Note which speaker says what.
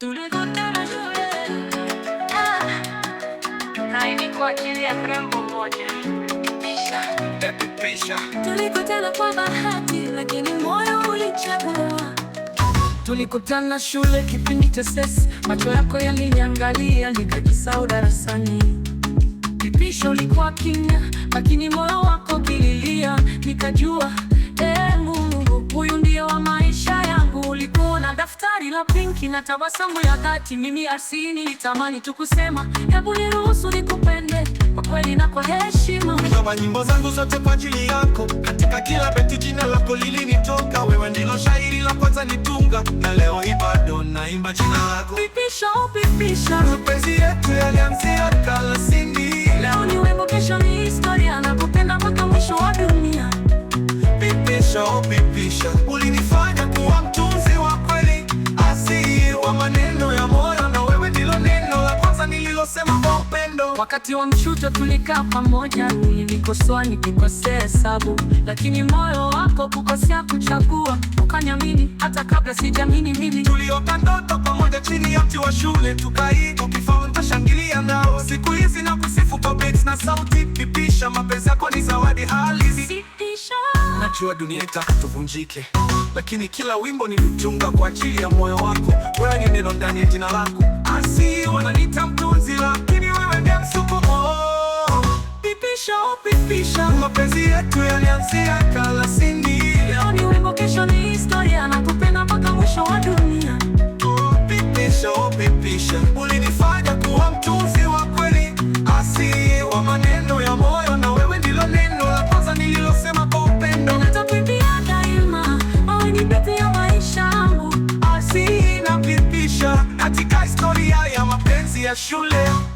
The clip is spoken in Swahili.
Speaker 1: Tulikutana shule ah. na ulichagua. Tulikutana shule kipindi cha sesi macho yako yaliniangalia nikajisau darasani. Kipisho ulikuwa kinya lakini moyo wako kililia, nikajua ya pinki na tabasamu ya dhati. Mimi Asini nitamani tu kusema, hebu niruhusu nikupende kwa kweli na kwa heshima.
Speaker 2: Kama nyimbo zangu zote kwa ajili yako, katika kila beti jina lako lilinitoka. Wewe ndilo shairi la kwanza nitunga, na leo hii bado naimba jina lako.
Speaker 1: Pipisha upipisha,
Speaker 2: mapenzi yetu yalianzia kalasini kwa upendo.
Speaker 1: Wakati wa mshuto tulikaa pamoja, nilikosoa nikikosea hesabu, lakini moyo wako kukosea kuchagua, ukaniamini hata kabla sijamini mimi.
Speaker 2: Tuliota ndoto pamoja chini ya mti wa shule, tukaita ukifaulu nitashangilia nao. Siku hizi na kusifu kwa beats na sauti, pipisha mapenzi yako ni zawadi halisi. Najua dunia itaka tuvunjike, lakini kila wimbo nilitunga kwa ajili ya moyo wako. Wewe ni neno ndani ya jina lako, asi wananiita mtunzi lako msukumo,
Speaker 1: pipisha oh, pipisha,
Speaker 2: mapenzi yetu yalianzia kalasini.
Speaker 1: Leo ni wimbo, kesho ni historia, mpaka mwisho wa dunia.
Speaker 2: Oh, pipisha oh, pipisha, ulinifanya kuwa mtunzi wa kweli, asi wa maneno ya moyo, na wewe ndilo neno la kwanza nililosema kwa upendo.
Speaker 1: daima, wewe ni beti ya maisha yangu,
Speaker 2: asi na pipisha, katika historia ya mapenzi ya shule